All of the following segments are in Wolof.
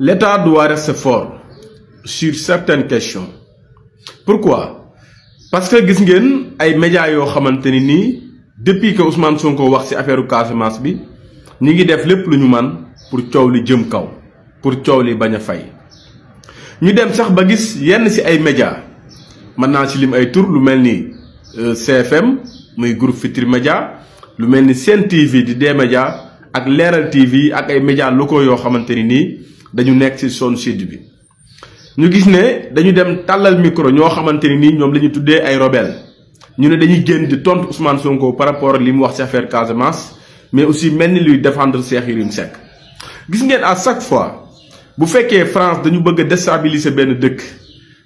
L'État doit rester fort sur certaines questions. Pourquoi? Parce que gis ngeen ay médias yoo xamante ni nii depuis que Ousmane ko wax ci affaire Casamance bi ñi ngi def lépp lu ñu man pour coow li jëm kaw pour coow li bañ a fay. ñu dem sax ba gis yenn ci ay médias mën naa ci lim ay tur lu mel ni euh, CFM muy groupe Futurs Médias lu mel ni Sen TV di D-Média ak Leral TV ak ay médias locaux yoo xamante ni nii. dañu nekk ci zone sud bi ñu gis ne dañu dem tàllal micro ñoo xamante ni nii ñoom la ñu tuddee ay rebelle ñu ne dañuy génn di tontu Ousmane Sonko par rapport li mu wax ci affaire Casamance mais aussi mel ni luy défendre Cheikh Yérim Seck gis ngeen à chaque fois bu fekkee France dañu bëgg a déstabiliser benn dëkk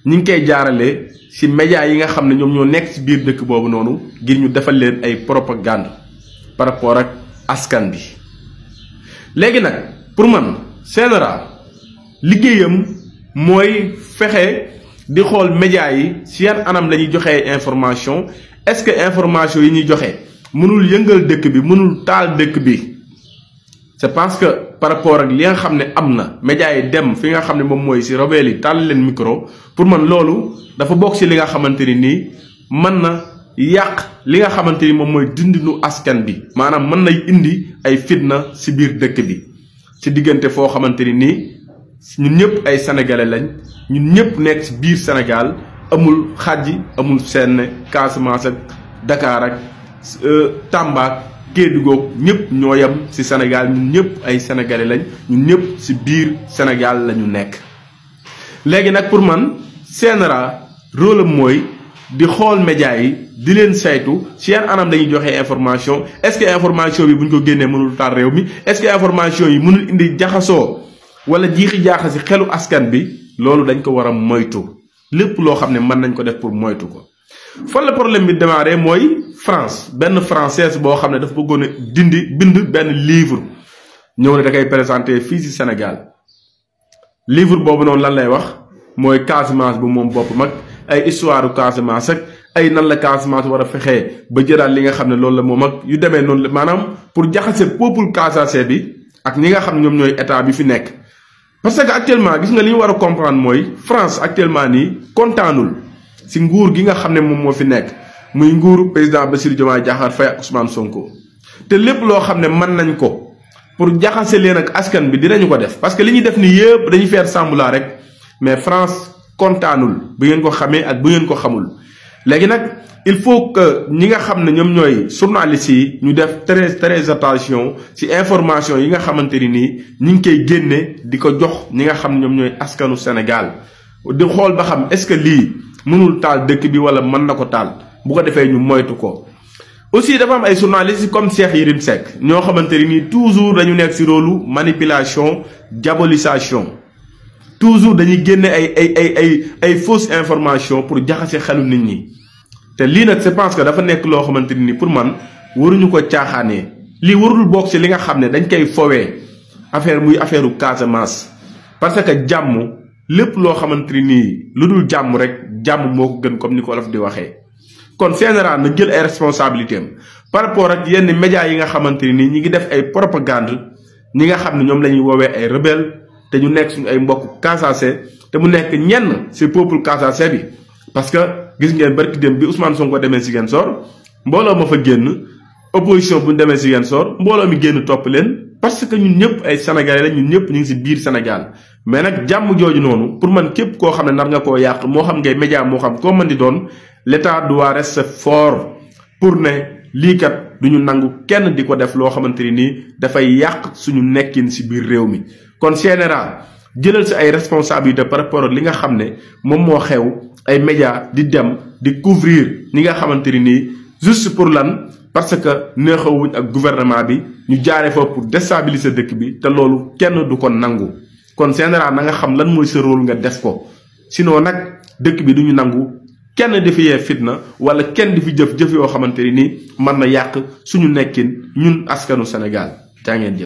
ñi ngi koy jaarale ci médias yi nga xam ne ñoom ñoo nekk ci biir dëkk boobu noonu ngir ñu defal leen ay propagande par rapport ak askan bi léegi nag pour man CNRA liggéeyam mooy fexe di xool média yi si yan anam lañuy ñuy joxee information est-ce que information yi ñuy joxe mënul yëngal dëkk bi mënul taal dëkk bi c'est parce que par rapport ak li nga xam ne am na média yi dem fi nga xam ne moom mooy si robeel yi tàll leen micro pour man loolu dafa bokk si li nga xamante ni nii mën na yàq li nga xamante ni moom mooy dundinu askan bi maanaam mën na indi ay fitna si biir dëkk bi ci diggante foo xamante ni nii ñun ñëpp ay sénégalais lañ ñun ñëpp nekk ci biir senegal amul xàjji amul seen Casamance ak Dakar ak euh, Tamba ak Kédougou ñëpp ñoo yem ci senegal ñun ñëpp ay sénégalais lañ ñun ñëpp ci biir Sénégal lañu nekk. léegi nag pour man CNRA rôle am mooy di xool média yi di leen saytu ci yan anam dañuy joxe information est-ce information bi bu ñu ko génnee mënul taal réew mi est-ce que information yi mënul indi jaxasoo. wala jiixi jaaxa si xelu askan bi loolu dañ ko war a moytu lépp loo xam ne mën nañ ko def pour moytu ko fan la problème bi démarré mooy France benn francaise boo xam ne dafa bëggoon dindi bind benn livre ñëw ne da koy présenté fii si Sénégal livre boobu noonu lan lay wax mooy Casamance bu moom bopp mag ay histoire Casamance ak ay nan la Casamance war a fexee ba jëlaat li nga xam ne loolu la moom ak yu demee noonu la maanaam pour jaxase peuple Casamance bi ak ñi nga xam ñoom ñooy état bi fi nekk parce que actuellement gis nga li ñu war a comprendre mooy France actuellement nii kontaanul si nguur gi nga xam ne moom moo fi nekk muy nguur président Bassirou Diomaye Diakhar Faye ak Sonko te lépp loo xam ne mën nañ ko pour jaxase leen ak askan bi dinañu ko def parce que li ñuy def nii yëpp dañuy faire semblant rek mais France kontaanul bu ngeen ko xamee ak bu ngeen ko xamul. léegi nag il faut que ñi nga xam ne ñoom ñooy journalistes yi ñu def très très attention ci information yi nga xamante ni nii ñi ngi koy génne di ko jox ñi nga xam ne ñoom ñooy askanu Sénégal di xool ba xam est-ce que lii mënul taal dëkk bi walla mën na ko taal bu ko defee ñu moytu ko. aussi dafa am ay journalistes comme Cheikh Yérim Seck ñoo xamante ni nii toujours dañu nekk ci roolu manipulation diabolisation. toujours dañuy génne ay ay ay ay ay fausse information pour jaxase xelu nit ñi te lii nag je pense que dafa nekk loo xamante ni pour man waruñu ko caaxaanee lii warul bokk ci li nga xam ne dañ koy fowee affaire muy affaire u Casamance parce que jàmm lépp loo xamante ni lu dul jàmm rek jàmm moo ko gën comme ni ko olof di waxee kon général na jël ay responsabilité par rapport ak yenn médias yi nga xamante nii ñi ngi def ay propagande ñi nga xam ne ñoom la ñuy woowee ay rebelle te ñu nekk suñu ay mbokk Casaase te mu nekk ñenn si peuple Casaase bi parce que gis ngeen barki dem bi Ousmane ko demee Ziguinchor mbooloo ma fa génn opposition bu ñu demee Ziguinchor mbooloo mi génn topp leen parce que ñun ñëpp ay sénégalais la ñun ñëpp ñu ngi si biir Sénégal mais nag jàmm jooju noonu pour man képp koo xam ne nar nga koo yàq moo xam ngay média moo xam koo mën di doon l'État doit rester fort pour ne liikat kat du ñu nangu kenn di ko def loo xamante ni dafay yàq suñu nekkin si biir réew mi kon CNRA jëlal si ay responsabilités par rapport ak li nga xam ne moom moo xew ay médias di dem di couvrir ñi nga xamante ni nii juste pour lan parce que neexawuñ ak gouvernement bi ñu jaaree foofu pour déstabiliser dëkk bi te loolu kenn du ko nangu kon CNRA na nga xam lan mooy sa nga def ko sinon nag dëkk bi du ñu nangu kenn di fitna wala kenn di fi jëf jëf yoo xamante nii mën na yàq suñu nekkin ñun askanu Sénégal jaa ngeen jëf